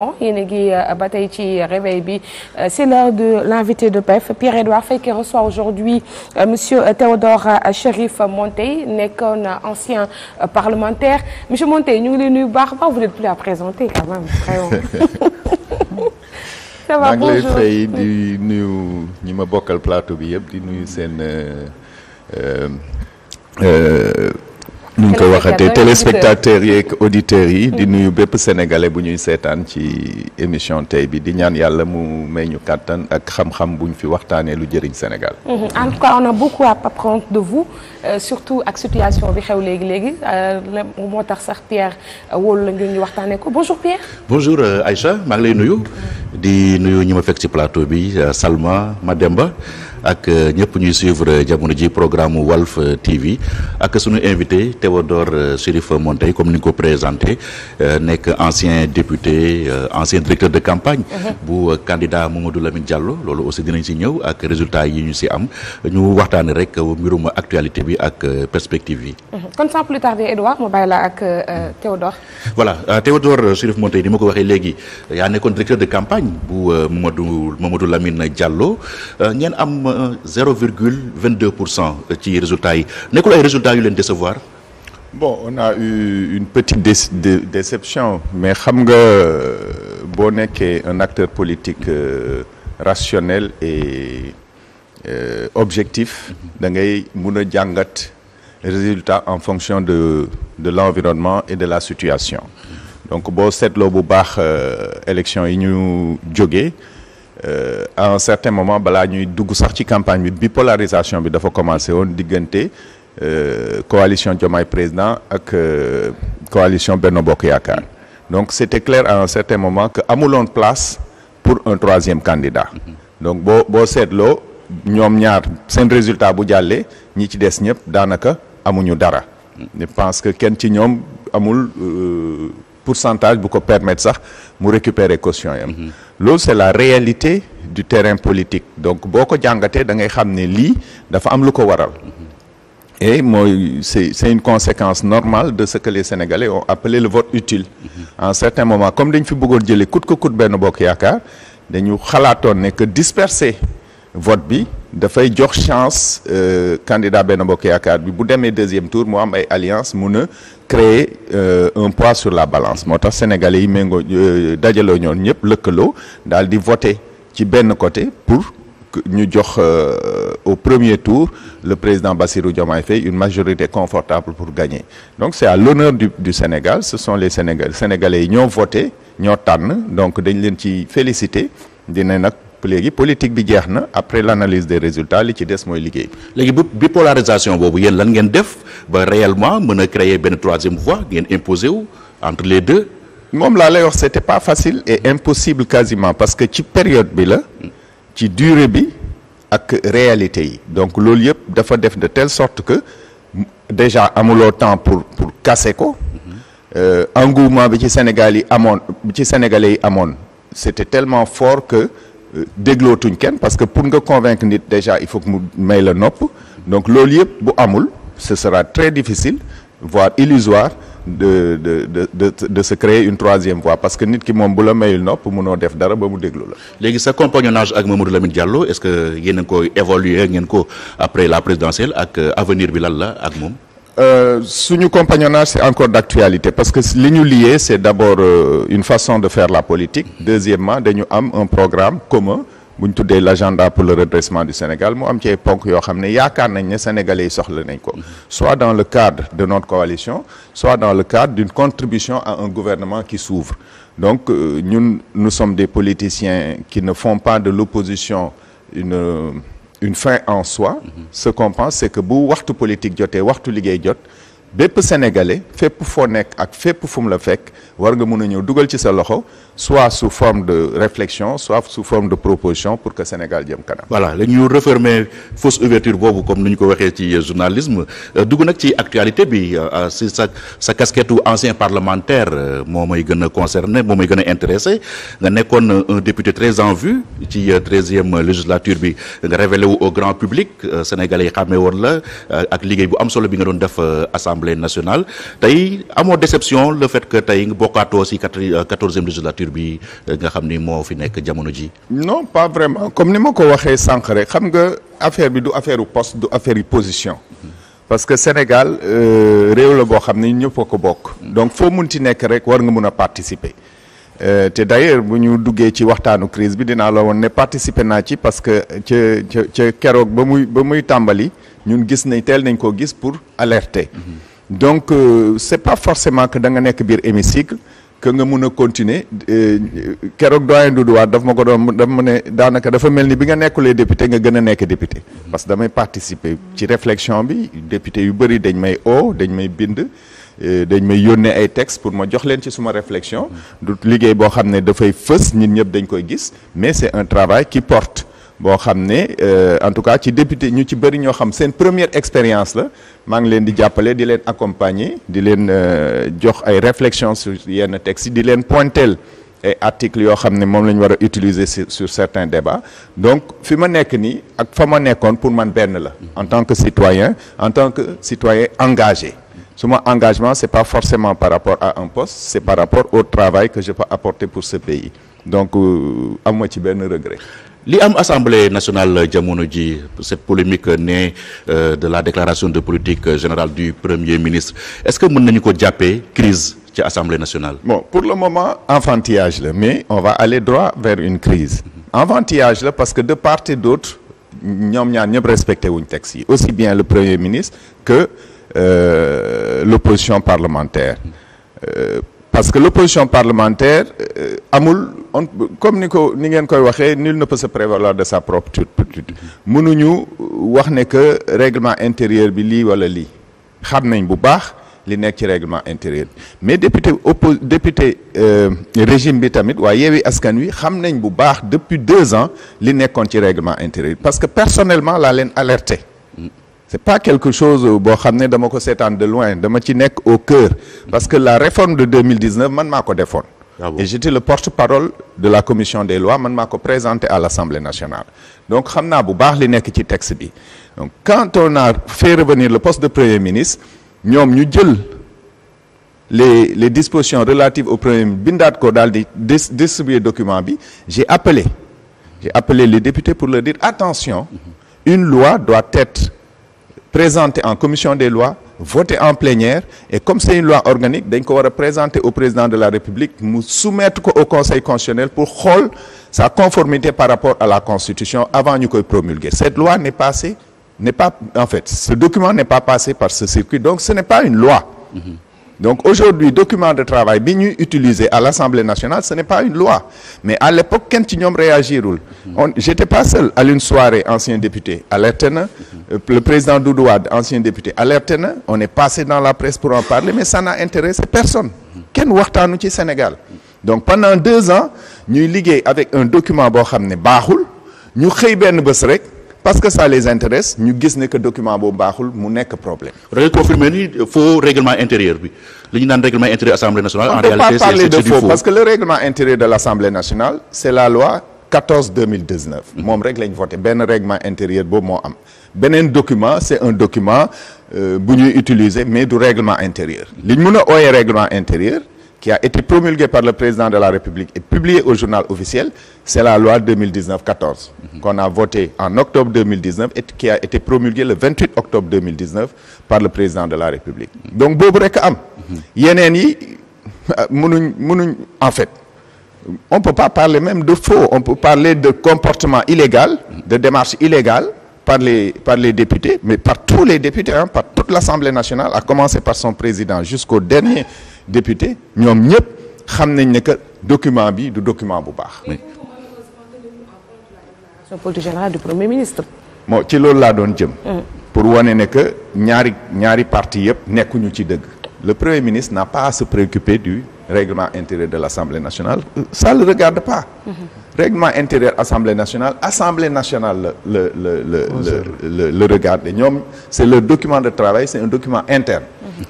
Oh, yéen a ngi euh, ba tey ci réveil bi euh, c'est l'heure de l'invité de PEF Pierre-Édouard Faye qui reçoit aujourd'hui euh, monsieur Théodore Chérif Montey nekkoon ancien parlementaire monsieur Montey ñu ngi lay nuyu baax a baax vous n'êtes plus à présenter quand même vraiment ça va bonjour maa ngi lay fay di nuyu ñi ma bokkal plateau bi yëpp di nuyu sen nu ngi koy waxatee téléspectateurs yeeg auditeurs yi di nuyu bépp sénégalais bu ñuy seetaan ci émission tey bi di ñaan yàlla mu may ñu kàttan ak xam-xam bu ñu fi waxtaanee lu jëriñ Sénégal. Mm-hmm. Euh, surtout ak situation bi xew léegi léegi euh, moo tax sax Pierre euh, wóolu la ngir ñu waxtaanee ko bonjour Pierre. bonjour Aïcha maa ngi lay nuyu. di nuyu ñi ma fekk ci plateau bi Salma Mademba ak ñëpp ñuy suivre jamono ji programme Walf TV ak sunu invité Théodore Chérif Monteil comme ni nga ko présenté nekk ancien député ancien directeur de campagne. Mhm. bu kandidaa candidat Mamadou Lamine Diallo loolu aussi dinañ ci ñëw ak résultat yi ñu si am ñu waxtaanee rek mbirum actualité bi. ak euh, perspective yi. kon mhm. sans plus tarder Edouard mu la ak euh, mhm. Théodore. voilà euh, Théodore Chérif Monteil ni ma ko waxee léegi yaa nekkoon directeur de campagne bu Mamadou Mamadou Lamine Diallo ngeen am 0 virgule 22 pour cent ci résultats yi nekkul ay résultats yu leen décevoir. bon on a eu une petite déception mais xam nga boo nekkee un acteur politique rationnel et. Euh, objectif da ngay mun a jàngat résultat en fonction de de l'environnement et de la situation donc boo seetloo bu baax euh, élection yi ñu jógee euh, à un certain moment balaa ñuy dugg sax ci campagne bi bi polarisation bi dafa commencé woon diggante coalition Diomaye Président ak coalition benn Bokk Yaakaar donc c'était clair à un certain moment que amuloon place pour un troisième candidat donc boo boo seetloo ñoom ñaar seen résultat bu jàllee ñi ci des ñëpp daanaka amuñu dara je pense que kenn ci ñoom amul euh, pourcentage bu ko permettre sax mu récupérer caution yam mhm. loolu c'est la réalité du terrain politique donc boo ko jàngatee da ngay xam ni lii dafa am lu ko waral mhm. et mooy c'est c'est une conséquence normale de ce que les Sénégalais ont appelé le vote utile mhm. en certains moments comme dañ fi bëggoon jëlee coûte que coûte benn bokk yaakaar dañu xalaatoon ne que disperser vote bi dafay jox chance euh, candidat benn Bokk Yaakaar bi bu demee deuxième tour mu am ay alliance mun na créer euh, un poids sur la balance moo tax sénégalais yi méngoo euh, dajaloo ñoon ñëpp lëkkaloo daal di voter ci benn côté pour ñu jox au premier tour le président Bassirou Diomaye Faye une majorité confortable pour gagner donc c'est à l'honneur du du Sénégal ce sont les Sénégal sénégalais yi ñoo voté ñoo tànn donc dañ leen ci féliciter dina nag léegi politique bi jeex na après l'analyse des résultat li ci des mooy liggéey léegi bi bipolarisation boobu yéen lan ngeen def ba réellement mën a créer benn troisième voie ngeen imposé wu entre les deux moom laa lay wax c'était pas facile et impossible quasiment parce que ci période bi la ci durée bi ak réalité yi donc loolu yëpp dafa def de telle sorte que déjà amuloo temps pour pour casser ko euh, engouement bi ci Sénégal yi amoon ci sénégalais yi amoon c'était tellement fort que déglootuñ kenn parce que pour nga convaincre nit déjà il faut mu may la nopp donc loolu yëpp bu amul ce sera très difficile voire illusoire de de de de de se créer une troisième voie parce que nit ki moom bu la mayul nopp munoo def dara ba mu déglu la. léegi sa compagnonnage ak la Lamine Diallo est-ce que yéen a ngi évoluer ngeen ko après la présidentielle ak euh, avenir bi lan la ak moom. Euh, suñu compagnonnage c'est encore d'actualité parce que li ñu lie c'est d'abord euh, une façon de faire la politique deuxièmement dañu am un programme commun bu ñu tuddee l'agenda pour le redressement du Sénégal mu am ci ay yo yoo xam ne yaakaar nañ ne sénégalais yi soxla nañ ko soit dans le cadre de notre coalition soit dans le cadre d'une contribution à un gouvernement qui s'ouvre donc euh, ñun euh, nous sommes des politiciens qui ne font pas de l'opposition une euh, une fin en soi. Mm-hmm. ce qu'on pense c'est que bu waxtu politique jotee waxtu liggéey jot. bépp sénégalais fépp foo nekk ak fépp fu la fekk war nga mun a ñëw dugal ci sa loxo soit sous forme de réflexion soit sous forme de proposition pour que Sénégal jëm kanam. voilà la ñu refermer fausse ouverture boobu comme ni ñu ko waxee ci journalisme euh, dugg nag ci actualité bi euh, si sa sa casquette ancien parlementaire euh, moo may gën a concerné moo may gën a intéressé nga nekkoon un député très en vue ci treizième législature bi nga révélé wu au grand public sénégalais yi xàmmee woon la ak liggéey bu am solo bi nga doon def assemblée. assemblée nationale tey amoo déception le fait que tey bokkaatoo si euh, quatorzième législature bi euh, nga xam ni moo fi nekk jamono ji no pas vraiment comme ni ma ko waxee sànq rek xam nga affaire bi du affaire u poste du affaire yu position parce que Sénégal euh, réew la boo xam ni ñëpp a ko bokk donc foo mun ci nekk rek war nga mun a participer te d'ailleurs bu ñu duggee ci waxtaanu crise bi dinaa la woon ne participer naa ci parce que ca ca ca keroog ba muy ba muy tàmbali ñun gis nañ teel nañ koo gis pour alerte donc euh, c'est pas forcément que da nga nekk biir hémicycle que nga mun a continuer euh, keroog doyen Doudou Wade daf ma ko doon daf ma ne daanaka dafa mel ni bi nga nekkulee député nga gën a nekk député. parce que damay participer ci réflexion bi député yu bëri dañ may oo dañ may bind. Euh, dañ may yónnee ay textes pour ma jox leen ci suma réflexion. du liggéey boo xam ne dafay fës ñun ñëpp dañ koy gis mais c'est un travail qui porte. boo xam ne euh, en tout cas ci député ñu ci bëri ñoo xam seen première expérience la maa ngi leen di jàppale di leen accompagner di leen euh, jox ay réflexions sur yenn textes di leen pointel ay articles yoo xam ne moom la ñu war a utiliser sur certains débats donc fi ma nekk nii ak fa ma nekkoon pour man benn la en tant que citoyen en tant que citoyen engagé suma engagement c'est pas forcément par rapport à un poste c'est par rapport au travail que je peux apporter pour ce pays donc euh, am ci benn regret li am assemblée nationale jamono ji cette polémique née euh, de la déclaration de politique générale du premier ministre est-ce que mën nañu ko jàppee crise ci assemblée nationale. bon pour le moment enfantillage la mais on va aller droit vers une crise enfantillage la parce que de part et d'autre ñoom ñaar ñëpp respecté wuñ texte yi aussi bien le premier ministre que euh, l'opposition parlementaire. Euh, parce que l'opposition parlementaire euh, amul comme ni ko ni ngeen koy waxee nul ne peut se prévaloir de sa propre turpitude mënuñu euh, wax ne que règlement intérieur bi lii wala lii xam nañ bu baax li nekk ci règlement intérieur mais député oppo député euh, régime bi tamit waaye Yewwi Askan Wi xam nañ bu baax depuis deux ans li nekkoon ci règlement intérieur parce que personnellement laa leen alerté c'est pas quelque chose boo xam ne dama ko seetaan de loin dama ci nekk au cœur parce que la réforme de 2019 man maa ko defoon ah et j'étais le porte-parole de la commission des lois man ko présenté à l'Assemblée nationale donc xam naa bu baax li nekk ci texte bi donc quand on a fait revenir le poste de premier ministre ñoom ñu jël les les dispositions relatives au premier bindaat ko daal di distribuer document bi j'ai appelé j'ai appelé les députés pour leur dire attention une loi doit être présenté en commission des lois voter en plénière et comme c'est une loi organique dañ ko war a présenter au président de la République mu soumettre ko au conseil constitutionnel pour xool sa conformité par rapport à la constitution avant ñu koy promulguer cette loi n'est passée n'est pas en fait ce document n'est pas passé par ce circuit donc ce n'est pas une loi. Mm-hmm. donc aujourd'hui document de travail bi ñuy utiliser à l'Assemblée nationale ce n'est pas une loi mais à l'époque kenn ci ñoom réagirul mhm. on j'étais pas seul Alioune Souaré ancien député alerté na mhm. euh, le président Doudou Wade ancien député alerté na on est passé dans la presse pour en parler mais ça n'a intéressé personne mhm. kenn waxtaanu ci Sénégal donc pendant deux ans ñuy liggéey avec un document boo xam ne baaxul ñu xëy benn bés parce que ça les intéresse ñu gis ne que document boobu baaxul mu nekk problème. dangay confirmer ni faux règlement intérieur bi li ñu naan règlement intérieur assemblée nationale. en réalité c'est c'est du faux parce que le règlement intérieur c'est la loi mhm. moom rek lañ voté benn règlement intérieur boobu moo am beneen document c'est un document euh, bu ñuy utiliser mais du règlement intérieur liñ mun a ooyee règlement intérieur. qui a été par le président de la République et publiée au journal officiel, c'est la loi 2019-14 mmh. qu'on a votée en octobre 2019 et qui a été promulguée le 28 octobre 2019 par le président de mhm. am. Mhm. yeneen yi ah, mënuñ mënuñ en fait. on peut pas même de faux on peut comportement illégal de démarche illégale par les par les députés mais par les députés hein, par toute l'Assemblée nationale à commencer par son président jusqu'au député ñoom ñëpp xam nañ ne que document bi du document bu baax. sa politique générale du moo ci loolu laa doon jëm. Mm. pour wane ne que ñaari ñaari parti yëpp nekkuñu ci dëgg. le premier ministre n'a pas se préoccuper du. règlement intérieur de l'Assemblée nationale ça le regarde pas mm-hmm. règlement intérieur Assemblée nationale Assemblée nationale le le le le le le ñoom c'est le document de travail c'est un document mm-hmm.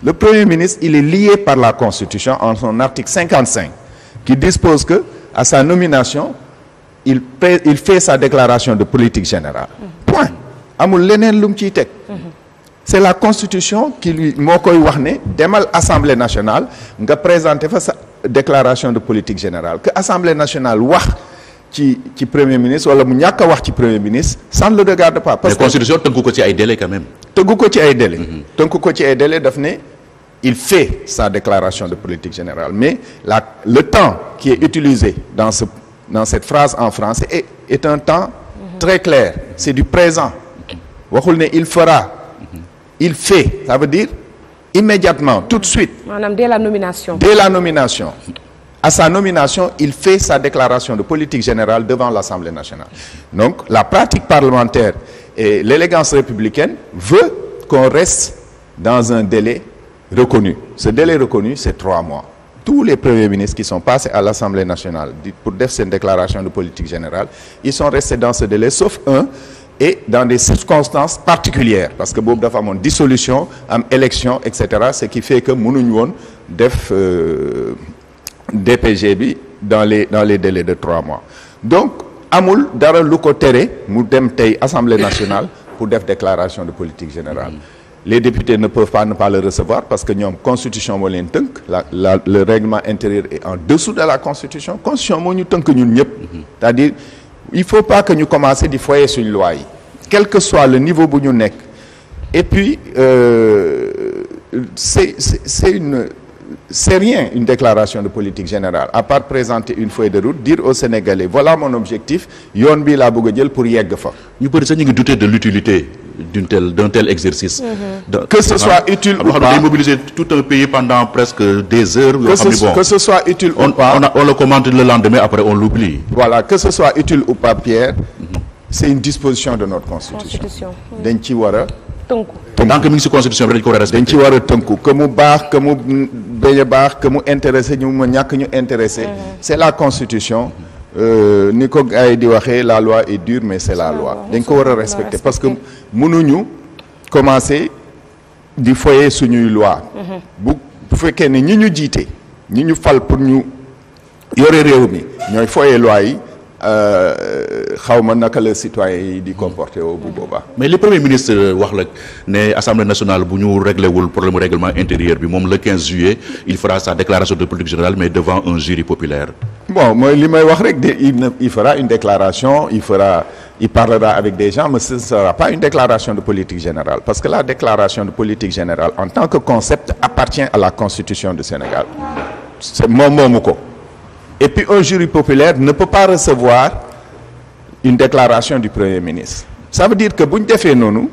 le Premier ministre il par la Constitution en son article 55 qui dispose que à sa nomination il il fait sa déclaration de politique générale mm-hmm. c'est la constitution qui lui moo koy wax ne demal assemblée nationale nga présenter fa sa déclaration de politique générale que assemblée nationale wax ci ci premier ministre wala mu ñàkk wax ci premier ministre ça ne le regarde pas. parce que ko ci ay délais quand même. ko ci ay délais. Mm-hmm. tënku ko ci ay délais daf ne il fait sa déclaration de politique générale mais la le temps qui est utilisé dans ce dans cette phrase en français est est un temps. très clair c'est du ne il fera. il fait ça veut dire immédiatement tout de suite. maanaam dès la nomination. dès la nomination à sa nomination il fait sa déclaration de politique générale devant l'Assemblée nationale donc la pratique parlementaire et l'élégance républicaine veut qu'on reste dans un délai reconnu ce délai reconnu c'est trois mois tous les premiers ministres qui sont passés à l'Assemblée nationale pour def seen déclaration de politique générale ils sont restés dans ce délai sauf un et dans des circonstances particulières parce que boobu dafa amoon dissolution am élection et cetera ce qui fait que mënuñ woon def euh, DPG bi dans les dans les délais de trois mois donc amul dara lu ko tere mu dem tey assemblée nationale pour def déclaration de politique générale les députés ne peuvent pas ne pas le recevoir parce que ñoom constitution moo leen tënk la la le règlement intérieur est en dessous de la constitution constitution moo ñu tënk ñun ñëpp il faut pas que ñu commencer di foyee suñ loi yi quel que soit le niveau bu ñu nekk et puis euh, c'est c'est c'est une c'est rien une déclaration de politique générale à part présenter une feuille de route dire aux Sénégalais voilà mon objectif yoon bi laa bëgg a pour yegg fa. ñu bëri sax ñu ngi douter de l'utilité d'une telle d'un tel exercice. que ce soit utile ou pas tout un pendant presque des heures. yoo xam mm-hmm. ne bon que ce soit utile ou pas on, on, a, on le commente le lendemain après on l'oublie. que ce soit utile ou pas c'est une disposition de notre constitution. constitution dañ ci war a. tant que mi ngi ci constitution bi dañ war a respecté dañ ci war tënku que mu baax que mu bañ baax que mu intéressé ñu ma ñàkk ñu intéressé mmh. c'est la constitution euh, ni ko gars yi di waxee la loi est dure mais c'est la loi dañ ko war a respecté parce que mënuñu commencer di foye suñuy loi bu mmh. bu fekkee ne ñi ñu jiite ñi ñu fal pour ñu yore réew mi ñooy foye loi yi Euh, xaw ma naka la citoyen yi di comporter woo bu boobaa. mais li premier ministre wax la ne assemblée nationale bu ñu réglé wul problème règlement intérieur bi moom le 15 juillet il fera sa déclaration de politique générale mais devant un jury populaire. bon mooy li may wax rek de il fera une déclaration il fera il parlera avec des gens mais ce ne sera pas une déclaration de politique générale parce que la déclaration de politique générale en tant que concept appartient à la constitution du Sénégal. c'est moom moomu ko. et puis un jury populaire ne peut pas recevoir une déclaration du premier ministre ça veut que bu ñu defee noonu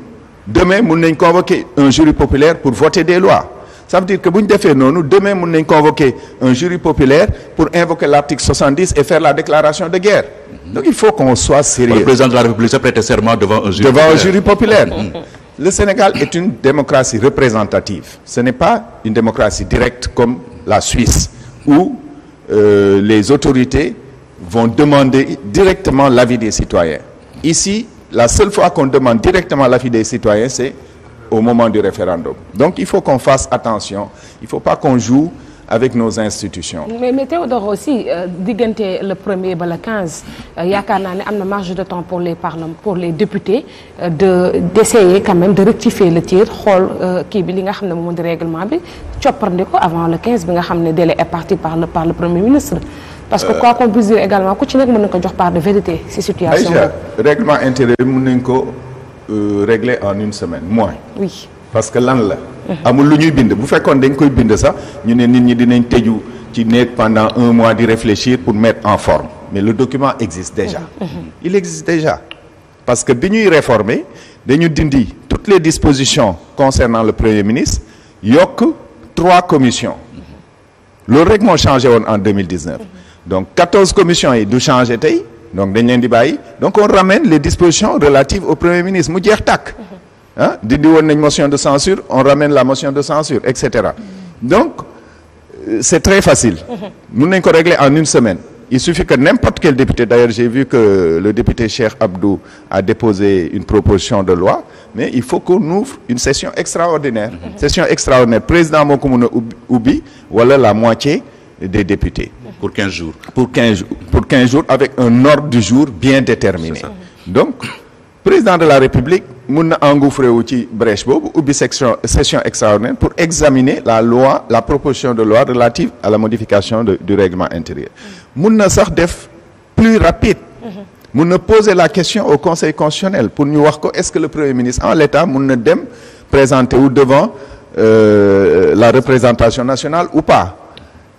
demain mun nañ convoquer un jury populaire pour voter des lois ça veut que bu ñu defee noonu demain mun nañ convoquer un jury populaire pour invoquer l'article 70 et faire la déclaration de guerre donc il faut qu'on soit sérieux le président de la République se prête mm-hmm. le Sénégal est une représentative ce n'est pas une démocratie directe comme la Suisse euh, les autorités vont demander directement l'avis des citoyens. Ici, la seule fois qu'on demande directement l'avis des citoyens, c'est au moment du référendum. Donc il faut qu'on fasse attention, il ne faut pas qu'on joue avec nos institutions. mais mais Théodore aussi euh, diggante le premier ba le quinze euh, yaakaar naa ne am na marge de temps pour les parlements pour les députés euh, de d'essayer quand même de rectifier le tir xool kii bi li nga xam ne moom di règlement bi coppandi ko avant le quinze bi nga xam ne délai est parti par le par le premier ministre. parce que quoi qu'on dire également ku nekk mën na ko jox par de vérité ci situation. Aïcha règlement intérieur mën nañ ko régler en une semaine moins. oui. parce que lan la. amul lu ñuy bind bu fekkoon dañ koy bind sax ñu ne nit ñi dinañ tëju ci néeg pendant un mois di réfléchir pour mettre en forme mais le document existe déjà. Mm-hmm. Mm-hmm. il existe parce que bi ñuy réformer dañu dindi toutes les dispositions concernant le premier ministre yokk trois commissions mm-hmm. loolu rek moo changé woon en 2019 donc 14 commissions yi du changé tey donc dañ leen di bàyyi donc on ramène les dispositions relatives au premier ministre mu jeex tàkk. ah di di woon nañ motion de censure on ramène la motion de censure et cetera donc euh, c'est très facile mun nañ ko régler en une semaine il suffit que n'importe quel député d'ailleurs j'ai vu que le député Cheikh Abdou a déposé une proposition de loi mais il faut qu'on ouvre une session extraordinaire session extraordinaire président moo ko mën a ubbi wala la moitié des députés pour quinze jours pour 15 pour 15 jours avec un ordre du jour bien déterminé donc président de la République mun na engouffré wu ci brèche boobu ubbi section session extraordinaire pour examiner la loi la proposition de loi relative à la modification de, du règlement intérieur mun na sax def plus rapide mun na poser la question au conseil constitutionnel pour ñu wax ko est-ce que le premier ministre en l'état mun na dem présenter ou devant euh, la représentation nationale ou pas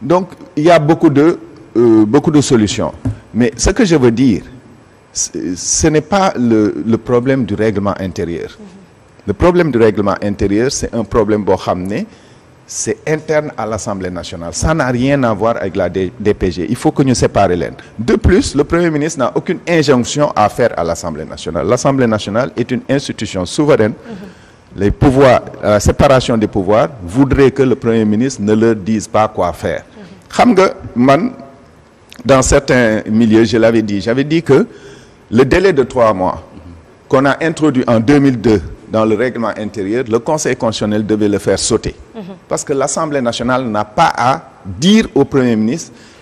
donc il y a de euh, beaucoup de solutions mais ce que je veux dire ce n'est pas le le problème du règlement intérieur le problème du règlement intérieur c'est un problème boo xam ne c'est interne à l'Assemblée nationale ça n'a rien à voir avec la DPG il faut que ñu séparer leen de plus le Premier ministre n'a aucune injonction à faire à l'Assemblée nationale l'Assemblée nationale est une institution souveraine les pouvoirs la séparation des pouvoirs voudrait que le Premier ministre ne leur dise pas quoi faire xam nga man dans certains milieux je l'avais dit j'avais dit que le délai de trois mois qu'on a introduit en 2002 dans le règlement intérieur, le Conseil constitutionnel le faire sauter. Mmh. Parce que l'Assemblée nationale n'a pas à dire au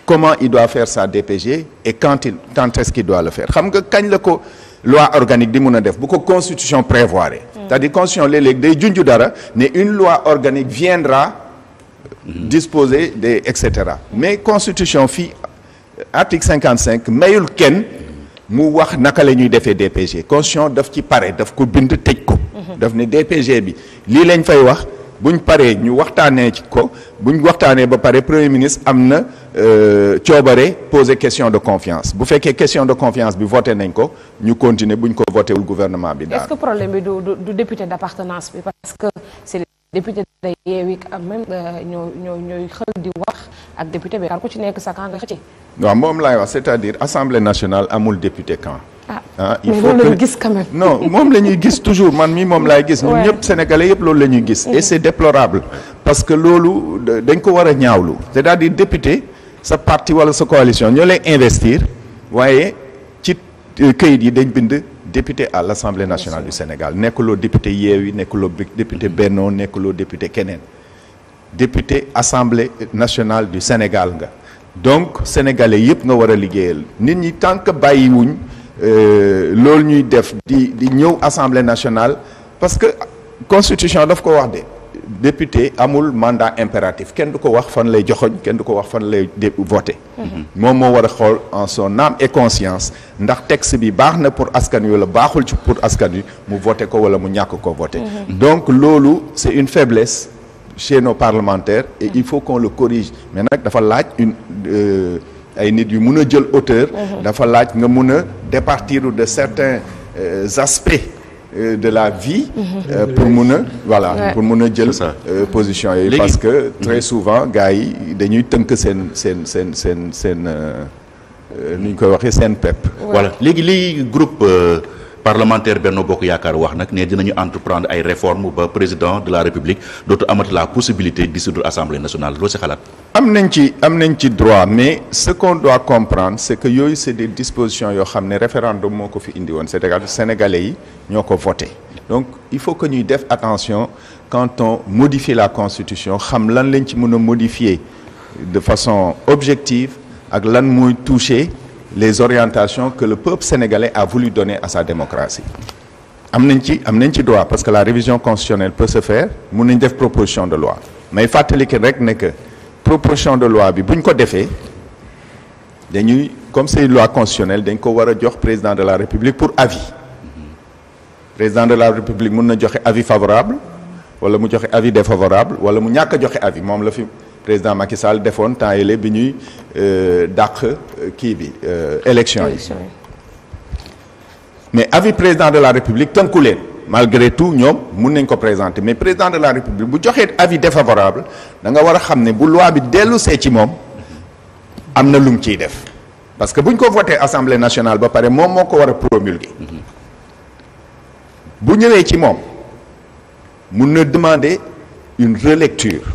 comment il doit faire sa DPG il, quand xam nga kañ la ko loi organique di mun a def bu ko constitution prévoir. c'est-à-dire day junju dara ne une loi organique viendra des et cetera mais constitution fii article 55 mayul kenn. mu wax naka la ñuy defee DPG constitution daf ci pare daf ko bind tëj ko. Mhm. daf ne DPG bi lii lañ fay wax buñ paree ñu waxtaanee ci ko buñ waxtaanee ba pare premier ministre am na euh, coobare poser question de confiance bu fekkee question de confiance bi voté nañ ko ñu continuer buñ ko voté wul gouvernement bi daal. député da yeewi quand ñoo ñoo ñooy xël ak député bi kan ci nekk sa camp nga xëcc. moom laay wax c'est-à-dire assemblée nationale amul député camp. ah, ah gis quand même. moom la ñuy gis toujours man mii moom laay gis. ñun ñëpp sénégalais yëpp loolu la ñuy gis. et c'est déplorable parce que loolu dañ ko war a ñaawlu. c'est-à-dire député sa parti wala sa coalition ñoo lay investir waaye ci euh, këyit yi dañ bind. député à l'Assemblée nationale du Sénégal nekkuloo député Yewwi nekkuloo député Benno nekkuloo député keneen député Assemblée nationale du Sénégal nga donc sénégalais yëpp nga war a liggéeyal nit ñi tant que bàyyiwuñ euh, loolu ñuy def di di ñëw Assemblée nationale parce que constitution daf ko wax de député amul mandat impératif kenn du ko wax fan lay joxoñ kenn du ko wax fan lay voté mhm. moom moo war a xool en son âme et conscience ndax texte bi baax na pour askan wi wala baaxul ci pour askan wi mu voté ko wala mu ñàkk ko voté mhm. donc loolu c'est une faiblesse chez nos parlementaires et il faut qu'on le corrige mais nag dafa laaj une euh, ay nit yu mun a jël hauteur mhm. dafa laaj nga mun a départir de certains euh, aspects Euh, de la vie. Mhm. Euh, pour mun voilà pour mun a jël. Euh, position yooyu parce que mhm. très souvent gars yi dañuy tënk seen seen seen seen seen euh, nu ñu koy waxee seen pep. voilà léegi liy parlementaire Benno Bokk Yaakaar wax nag ne dinañu entreprendre ay réformes ba président de la République dootu amati la possibilité dissoudre assemblée nationale loo si xalaat. am nañ ci am nañ ci droit mais ce qu'on doit comprendre c'est que yooyu c'est des dispositions yoo xam ne référendum moo ko fi indi woon c'est-à-dire yi ñoo ko voté donc il faut que ñuy def attention quand modifie la constitution xam lan lañ ci mën a modifier de façon objective ak lan mooy toucher. les orientations que le peuple sénégalais a voulu donner à sa démocratie am nañ ci am nañ ci droit parce que la révision constitutionnelle peut se faire mun nañ def proposition de loi mais fàttali que rek ne que proposition de loi bi bu ñu ko defee dañuy comme c'est une loi constitutionnelle dañ ko war a jox président de la république pour avis président de la république mun na joxe avis favorable wala mu joxe avis défavorable wala mu ñàkk a joxe avis moom la fi président Macky Sall defoon temps yële bi ñuy euh, dàq euh, kii bi euh, élection yi mais avis président de la république tënku leen malgré tout ñoom mun nañ ko présenter mais président de la république bu joxee avis défavorable danga war a xam ne bu loi bi dellu see ci moom am na lu mu ciy def parce que bu ñu ko voté assemblée nationale ba pare moom moo ko war a promulguer mm-hmm. bu ñëwee ci moom mun na demander une relecture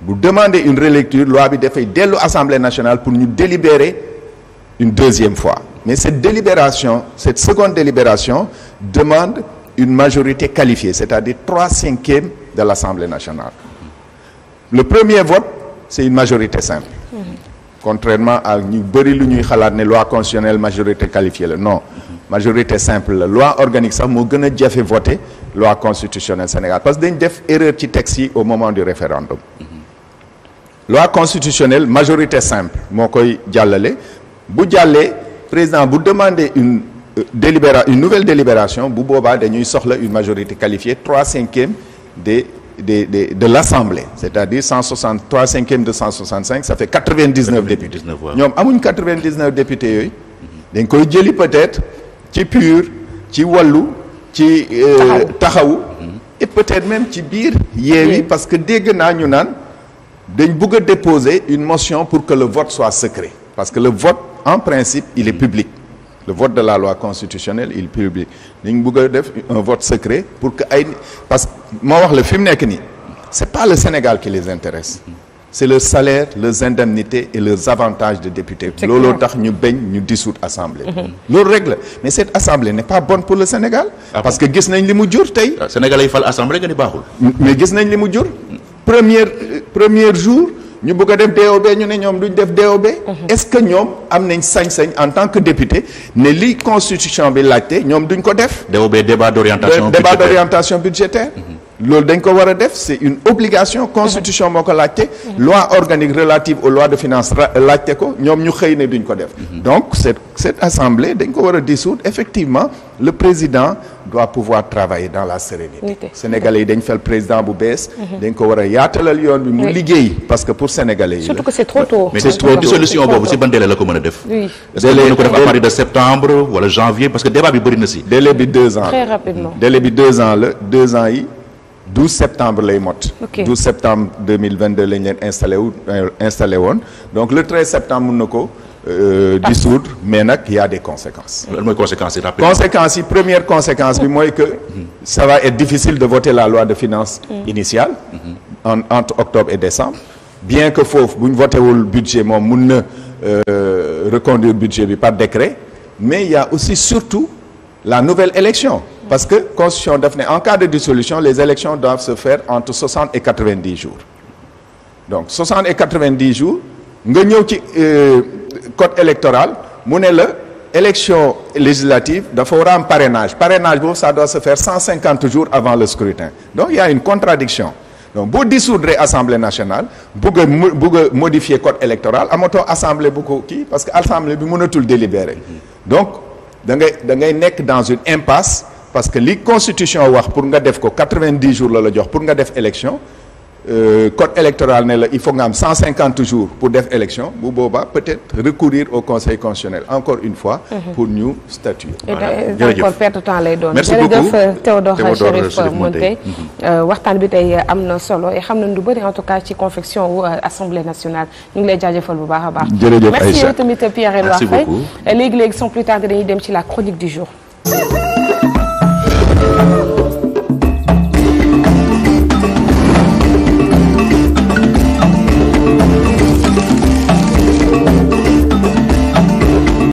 bu demander une relecture loi bi dafay dellu assemblée nationale pour ñu délibérer une deuxième fois mais cette délibération cette seconde délibération demande une majorité qualifiée c'est-à-dire trois cinquièmes de l'assemblée nationale le premier vote c'est une majorité simple contrairement à ñu bëri lu ñuy xalaat ne loi constitutionnelle majorité qualifiée la non majorité simple la loi organique sax moo gën a jafe voter loi constitutionnelle Sénégal parce que dañ def erreur ci texte yi moment du référendum loi constitutionnelle majorité simple moo koy jàllale bu jàllee président bu demander une euh, délibéra une nouvelle délibération bu boobaa dañuy soxla une majorité qualifiée trois cinquièmes des des des de l'assemblée c'est-à-dire cent soixante trois cinquièmes de cent soixante cinq ça fait quatre vingt dix neuf députés ñoom amuñ quatre vingt dix neuf députés yooyu dañ koy jëli peut-être ci PUR ci wàllu ci euh, taxawu mm-hmm. et peut-être même ci biir yeewi parce que dégg naa ñu naan dañ bëgg a déposer une motion pour que le vote soit secret parce que le vote en principe il est public le vote de la loi constitutionnelle il est public dañ bëgg a def un vote secret pour que ay parce que moo wax la fi mu nekk nii c'est pas le Sénégal qui les intéresse c'est le salaire leurs indemnités et leurs avantages de députés looloo tax ñu bañ ñu dissoudre assemblée mhm. loolu règle mais cette assemblée n'est pas bonne pour le Sénégal ah parce que gis nañ li mu jur tey ah, Sénégal ay fal assemblée nga ni baaxul gis nañ li mu jur première première jour ñu bëgg a def DOB ñu ne ñoom duñ def DOB. Mhm. est-ce que ñoom am nañ sañ-sañ en tant que député ne li constitution bi laajte ñoom duñ ko def. DOB débat d'orientation budgétaire débat d'orientation budgétaire. Mhm. loolu dañ ko war def c'est une obligation mhm. constitution moo ko laajte mhm. loi organique relative aux lois de finance laajte ko ñoom ñu xëy ne duñ ko def mhm. donc cette cette assemblée dañ ko war a dissoudre effectivement le président doit pouvoir travailler dans la sérénité sénégalais yi dañ fal président bu bees dañ ko war a yaatalal yoon bi mu liggéey parce que pour sénégalais yi surtout que c'est trop tôt boobu ci ban délai la ko janvier parce que débat bi bëri na si délai bi deux ans très ans la ans yi 12 septembre lay mot. ok 12 septembre 2022 lañ leen installé wu euh, installé woon donc le 13 septembre mun na ko. Euh, dissoudre mais nag y a des conséquences. lan mooy conséquences yi yi première conséquence bi oh. mooy que. Mm-hmm. ça va être difficile de voter la loi de finances mm. initiale. Mm-hmm. en entre octobre et décembre. bien que foofu bu ñu voté wul budget moom mun na euh, reconduire budget bi par décret mais il y a aussi surtout la nouvelle élection. parce que constitution daf ne en cas de dissolution les élections doivent se faire entre soixante et quatre donc soixante et quatre-vingt-dix jours nga ñëw ci euh, code électoral mu ne la élection législative dafa war am parrainage parrainage boobu ça doit cent cinquante jours avant le scrutin donc il boo dissoudre assemblée nationale bugg a modifier code électoral amatoo assemblée bu ko kii parce que assemblée bi mënatul délibérer donc da ngay da ngay nekk dans une impasse parce que li constitution wax pour nga def ko 90 jours la la jox pour nga def élection euh, code électoral ne la il faut nga am jours pour def élection bu boobaa peut-être recourir au conseil constitutionnel encore une fois. Mhm. pour ñu statuer. jërëjëf encore perte temps lay doon. merci Théodore Chérif Monteil mhm. euh, waxtaan bi tey am na solo xam nañu lu bëri en tout cas ci confection wu euh, assemblée nationale ñu ngi lay jaajëfal bu baax a baax. jërëjëf Aïcha merci yow tamit Pierre Edouard Faye léegi léegi dañuy dem ci la chronique du